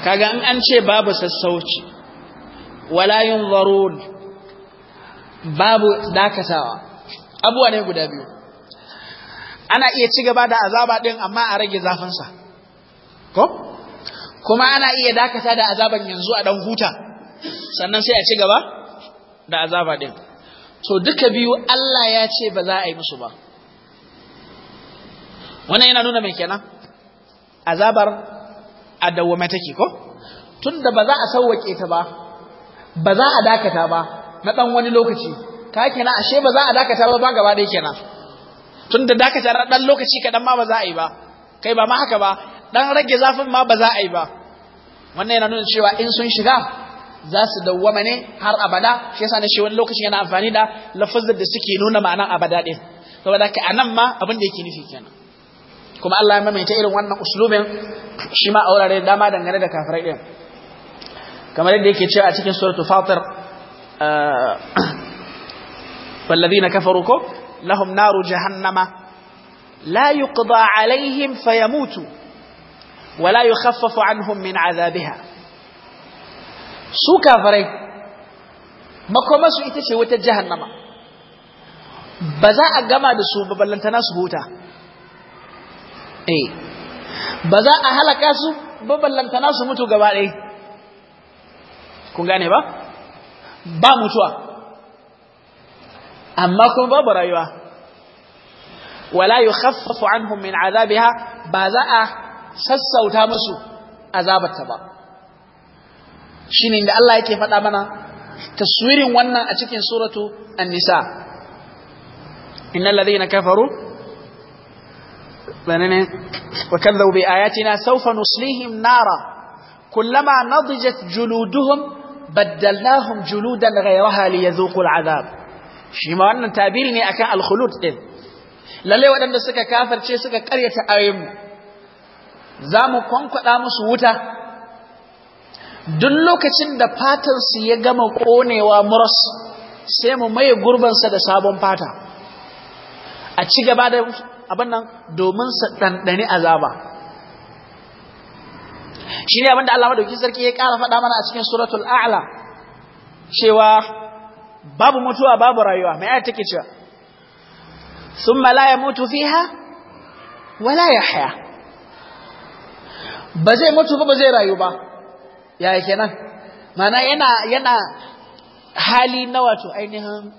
kaga in an ce babu sassauci wala yunzarun babu dakatawa abuwa ne guda biyu ana iya ci gaba da azaba din amma a rage zafinsa ko kuma ana iya dakata da azaban yanzu a dan huta sannan sai a ci gaba da azaba din to duka biyu Allah ya ce ba za a yi musu ba wannan yana nuna mai kenan azabar a dawwame take ko tun da ba za a sauwake ta ba ba za a dakata ba na ɗan wani lokaci ka kenan ashe ba za a dakata ba ba gaba ɗaya kenan tun da dakata na ɗan lokaci kaɗan ma ba za a yi ba kai ba ma haka ba ɗan rage zafin ma ba za a yi ba wannan yana nuna cewa in sun shiga za su dawwama ne har abada shi yasa ne shi wani lokacin yana amfani da lafazin da suke nuna ma'anar abada din saboda ka anan ma abin da yake nufi kenan kuma Allah ya mamaita irin wannan uslubin shi ma a wurare dama dangane da kafirai din kamar yadda yake cewa a cikin suratul fatir ah, kafaru ko كم لهم نار جهنم لا يقضى fayamutu. فيموتوا ولا يخفف عنهم من azabiha. su kafirai makomarsu ita ce wata jahannama ba za a gama da su ballantana su huta eh ba za a halaka su ba su mutu gaba ɗaya kun gane ba ba mutuwa amma kuma babu rayuwa wala yukhaffafu anhum min azabiha ba za a sassauta musu azabarta ba shine inda Allah yake faɗa mana taswirin wannan a cikin suratu an-nisa innal ladhina kafaru menene wa kadzabu bi ayatina sawfa nuslihim nara kullama nadijat juluduhum baddalnahum juludan ghayraha liyadhuqu al'adab shi ma wannan tabiri ne akan al-khulud din lalle waɗanda suka kafirce suka karyata ayoyin za mu kwankwada musu wuta duk lokacin da fatan su ya gama konewa muras sai mu maye gurbansa da sabon fata a ci gaba da abin nan domin su ɗanɗani azaba shi ne abin da Allah madauki sarki ya ƙara faɗa mana a cikin suratul a'la cewa babu mutuwa babu rayuwa mai ayat take cewa summa la yamutu fiha wala yahya ba zai mutu ba ba zai rayu ba Ya yake nan. mana yana yana hali na wato ainihin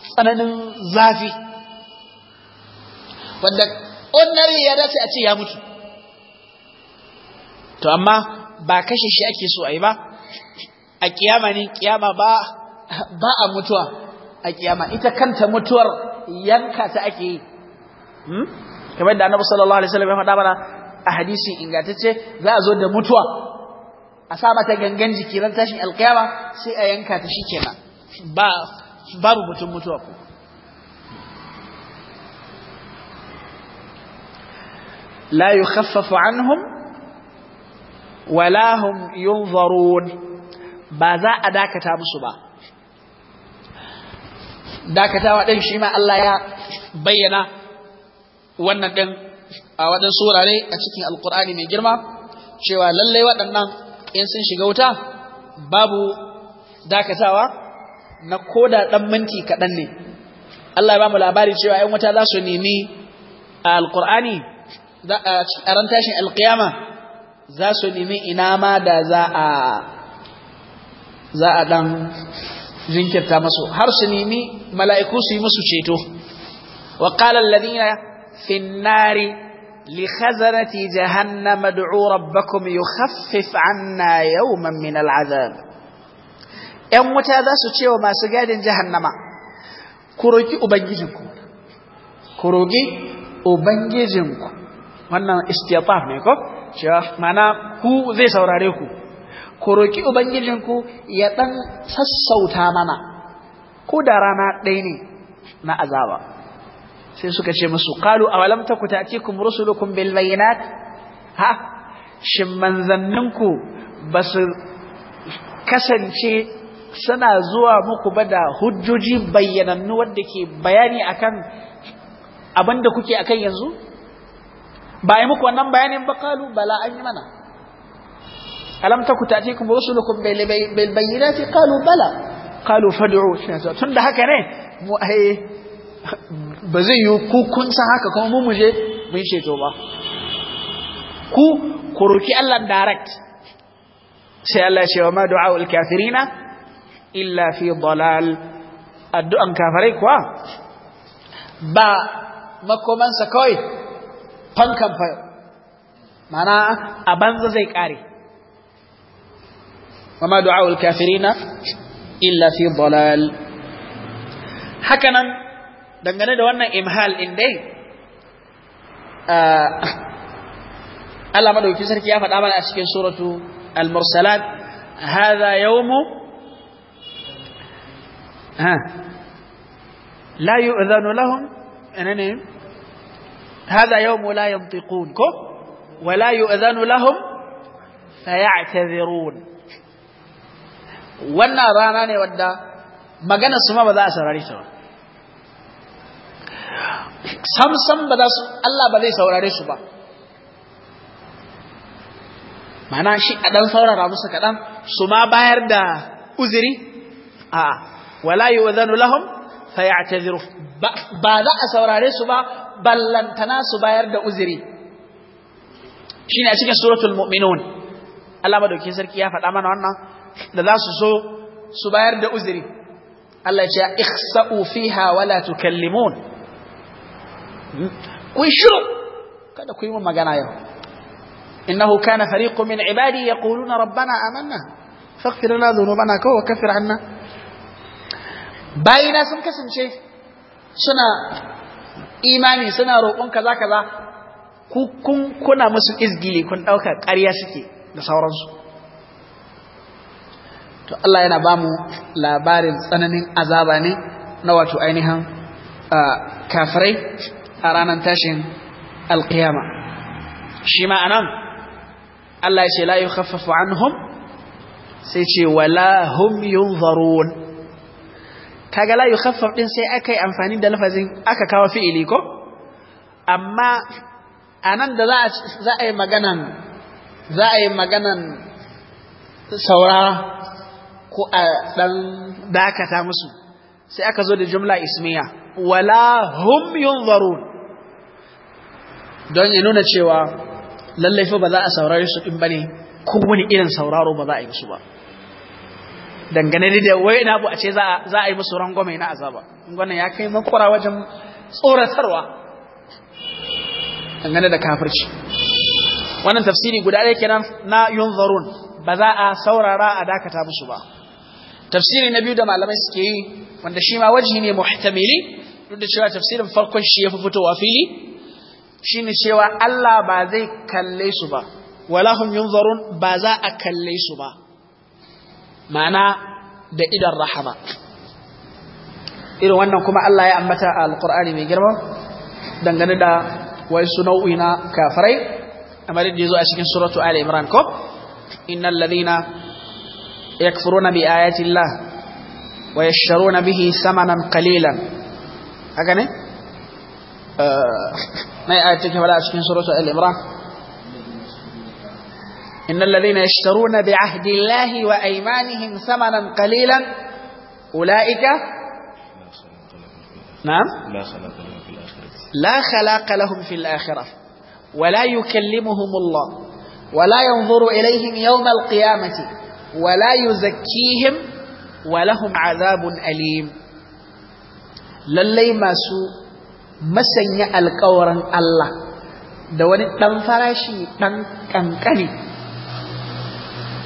tsananin zafi wanda ordinary ya dace a ce ya mutu to amma ba kashe shi ake so ai ba a kiyama ne kiyama ba ba a mutuwa a kiyama ita kanta mutuwar yanka ta ake yi hmm? kamar da annabi sallallahu alaihi wasallam ya faɗa mana a hadisi ingantacce za a zo da mutuwa a sa mata gangan jiki ran tashin alkiyama sai a yanka ta shikenan ba babu mutum mutuwa ko la yukhaffafu anhum wala hum yunzarun ba za a dakata musu ba dakatawa din shi ma Allah ya bayyana wannan ɗin a wadan surare a cikin alqur'ani mai girma cewa lallai waɗannan in sun shiga wuta babu dakatawa na da ɗan minti kaɗan ne Allah ya bamu labari cewa ‘yan wata za su nemi a Alƙur'ani a ran tashin alkiyama za su nemi ina ma da za a za a dan jinkirta masu har su nemi mala'iku su yi musu ceto wa qala alladhina fi an-nari لخزنة جهنم ادعوا ربكم يخفف عنا يوما من العذاب ‘yan wuta za su ce wa masu gadin jahannama, ku roƙi Ubangijinku, ku roƙi Ubangijinku wannan istiyafaf ne ko cewa mana ku zai saurare ku ku roki ku ya ɗan sassauta mana ko da rana ɗaya ne na azaba sai suka ce musu qalu awalam taku ta'tikum rusulukum bil bayinat ha shin manzanninku su kasance suna zuwa muku ba da hujjoji bayyanannu wadda ke bayani akan abinda kuke akan yanzu ba yi muku wannan bayanin ba kalu bala an yi mana alam taku ta'tikum rusulukum bil bayyinati qalu bala qalu fad'u tunda haka ne mu ai ba zai yi ku kun san haka kuma mu muje mun sheto ba ku ku roki Allah direct sai Allah ya ce wa ma du'aul kafirina illa fi dalal addu'an kafirai kuwa ba makomansa kawai fankan fa mana a banza zai kare amma du'aul kafirina illa fi dalal hakanan dangane da wannan imhal din dai Allah madauki sarki ya faɗa mana a cikin suratu al-mursalat hadha yawmu ha la yu'dhanu lahum anani هذا يوم لا ينطقون ولا يؤذن لهم فيعتذرون وانا رانا نودا ما جانا سما بدا سراري سوا سم سم بدا الله بدا سراري سوا معنى شيء أدن سورة رابسة كدام سما باير دا أزري آه. ولا يؤذن لهم fayataziru ba za a saurare su ba ballantana su bayar da uzuri shine a cikin suratul mu'minun Allah madaukakin sarki ya faɗa mana wannan da za su so su bayar da uzuri Allah ya ce ikhsa'u fiha wala tukallimun ku shiru kada ku yi magana yau innahu kana fariqun min ibadi yaquluna rabbana amanna faghfir lana dhunubana wa kaffir 'anna bayina sun kasance suna imani suna roƙon kaza kaza ku kun kuna musu izgili kun ɗauka ƙarya suke da sauransu to Allah yana ba mu labarin tsananin azaba ne na wato ainihin kafirai a ranar tashin alkiyama shi ma'anan Allah ya ce la yi anhum sai ce wala hum yunzarun kaga la yukhaffaf din sai aka yi amfani da lafazin aka kawo fi'ili ko amma anan da za a za a yi maganan za a yi maganan saurara ko a dan dakata musu sai aka zo da jumla ismiya wala hum yunzarun don ya nuna cewa lallai fa ba za a saurare su din bane ko wani irin sauraro ba za a yi su ba dangane da wai na bu a ce za a yi musu rangwame na azaba wannan ya kai makwara wajen tsoratarwa dangane da kafirci wannan tafsiri guda ɗaya kenan na yunzarun ba za a saurara a dakata musu ba tafsiri na biyu da malamai suke yi wanda shi ma waji ne muhtamili duk da cewa tafsirin farkon shi ya fi fitowa fili shine cewa Allah ba zai kalle su ba hum yunzarun ba za a kalle su ba ma'ana da idan rahama irin wannan kuma Allah ya ambata a alkur'ani mai girma dangane da wasu nau'i na kafirai kamar yadda ya zo a cikin suratu ali imran ko innal ladina yakfuruna bi ayati llah wa yashtaruna bihi samanan qalilan haka ne mai ayati kamar a cikin suratu ali imran إن الذين يشترون بعهد الله وأيمانهم ثمنا قليلا أولئك نعم لا خلاق لهم في الآخرة لا خلاق لهم في الآخرة ولا يكلمهم الله ولا ينظر إليهم يوم القيامة ولا يزكيهم ولهم عذاب أليم للي ما سوء القورا الله da تنفرشي ɗan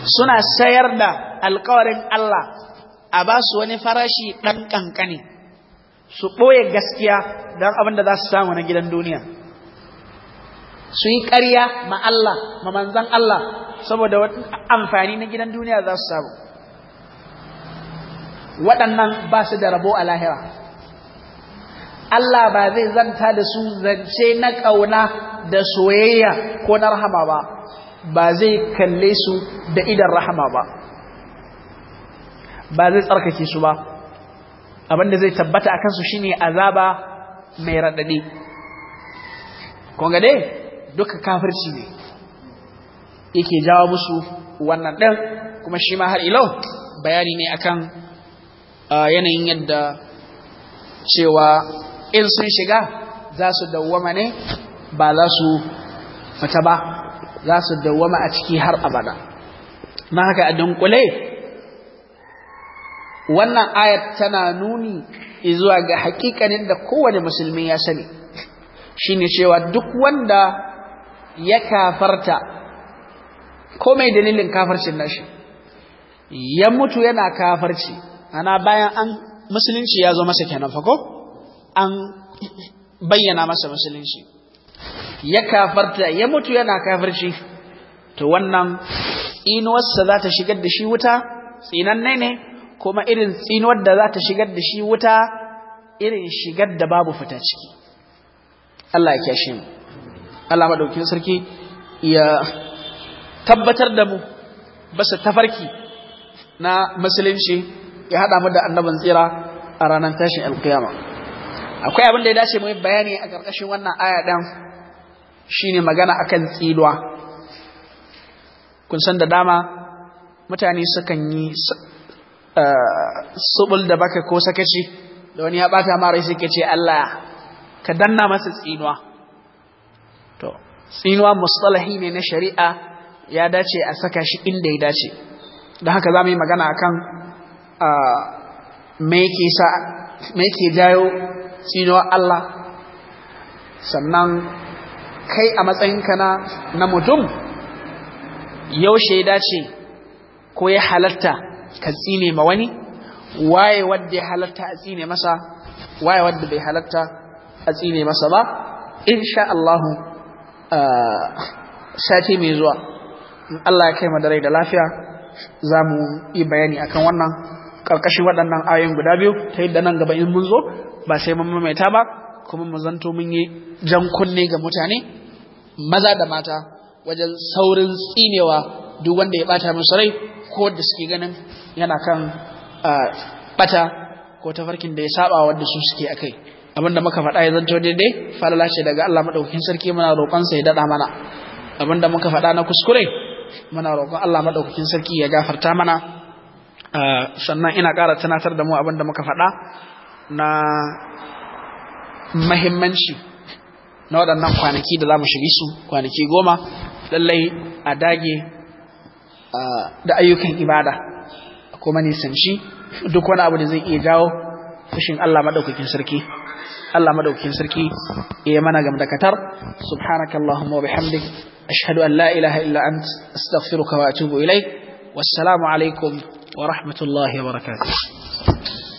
suna sayar da alkawarin Allah a ba su wani farashi ɗan ƙanƙani su ɓoye gaskiya don abin da za su samu na gidan duniya su yi ƙarya ma Allah ma manzan Allah saboda amfani na gidan duniya za su samu waɗannan ba su da rabo a lahira Allah ba zai zanta da su zance na ƙauna da soyayya ko na rahama ba ba zai kalle su da idan rahama ba ba zai tsarkake su ba abinda zai tabbata a kansu shine azaba mai raɗaɗe Kongade dai duka kafirci ne yake jawo musu wannan ɗin kuma shi ma har ilau bayani ne akan yanayin yadda cewa in sun shiga za su dawwama ne ba za su fita ba za su dawwama a ciki har abada Na haka a dunkule wannan ayat tana nuni izuwa ga hakikanin da kowane musulmi ya sani shine cewa duk wanda ya kafarta komai dalilin kafarcin nashi ya mutu yana kafarci ana bayan an musulunci ya zo masa kenan fako an bayyana masa musulunci ya kafarta ya mutu yana kafirci to wannan tsinuwarsa za ta shigar da shi wuta tsinanne ne kuma irin tsinuwar da za ta shigar da shi wuta irin shigar da babu fita ciki Allah ya kyashe mu Allah madaukin sarki ya tabbatar da mu basa tafarki na musulunci ya hada mu da annaban tsira a ranar tashin alkiyama akwai abin da ya dace mu yi bayani a ƙarƙashin wannan aya ɗan shine magana akan tsiluwa kun san da dama mutane sukan yi eh, subul da baka ko sakaci da wani ya bata mara shi ke ce Allah ka danna masa tsinuwa to tsinuwa mustalahi ne na shari'a ya dace a saka shi inda ya dace don haka za mu yi magana akan eh, me yake jayo tsinuwa Allah sannan kai a matsayinka na na mutum yaushe ya dace ko ya halarta ka tsine ma wani waye wadda ya halatta a tsine masa waye wadda bai halatta a tsine masa ba insha Allah ah, sati mai zuwa in Allah ya kai mu da rai da lafiya za mu yi bayani akan wannan karkashin waɗannan ayoyin guda biyu ta yadda nan gaba in mun zo ba sai mun maimaita ba kuma mu zanto mun yi jan kunne ga mutane maza da mata wajen saurin tsinewa duk wanda ya bata musu rai ko da suke ganin yana kan bata ko tafarkin da ya saba wanda su suke akai abinda muka faɗa ya zanto daidai falala ce daga Allah madaukakin sarki muna roƙon sa ya dada mana abinda muka faɗa na kuskure muna roƙon Allah madaukakin sarki ya gafarta mana sannan ina ƙara tunatar da mu abinda muka faɗa na mahimmanci na waɗannan kwanaki da za mu shige su kwanaki goma lallai a dage da ayyukan ibada kuma nisanci duk wani abu da zai iya jawo fushin Allah maɗaukakin sarki Allah maɗaukakin sarki ya yi mana gamdakatar subhanakallahumma wa bihamdik ashhadu an la ilaha illa ant astaghfiruka wa atubu ilaik wassalamu alaikum wa rahmatullahi wa barakatuh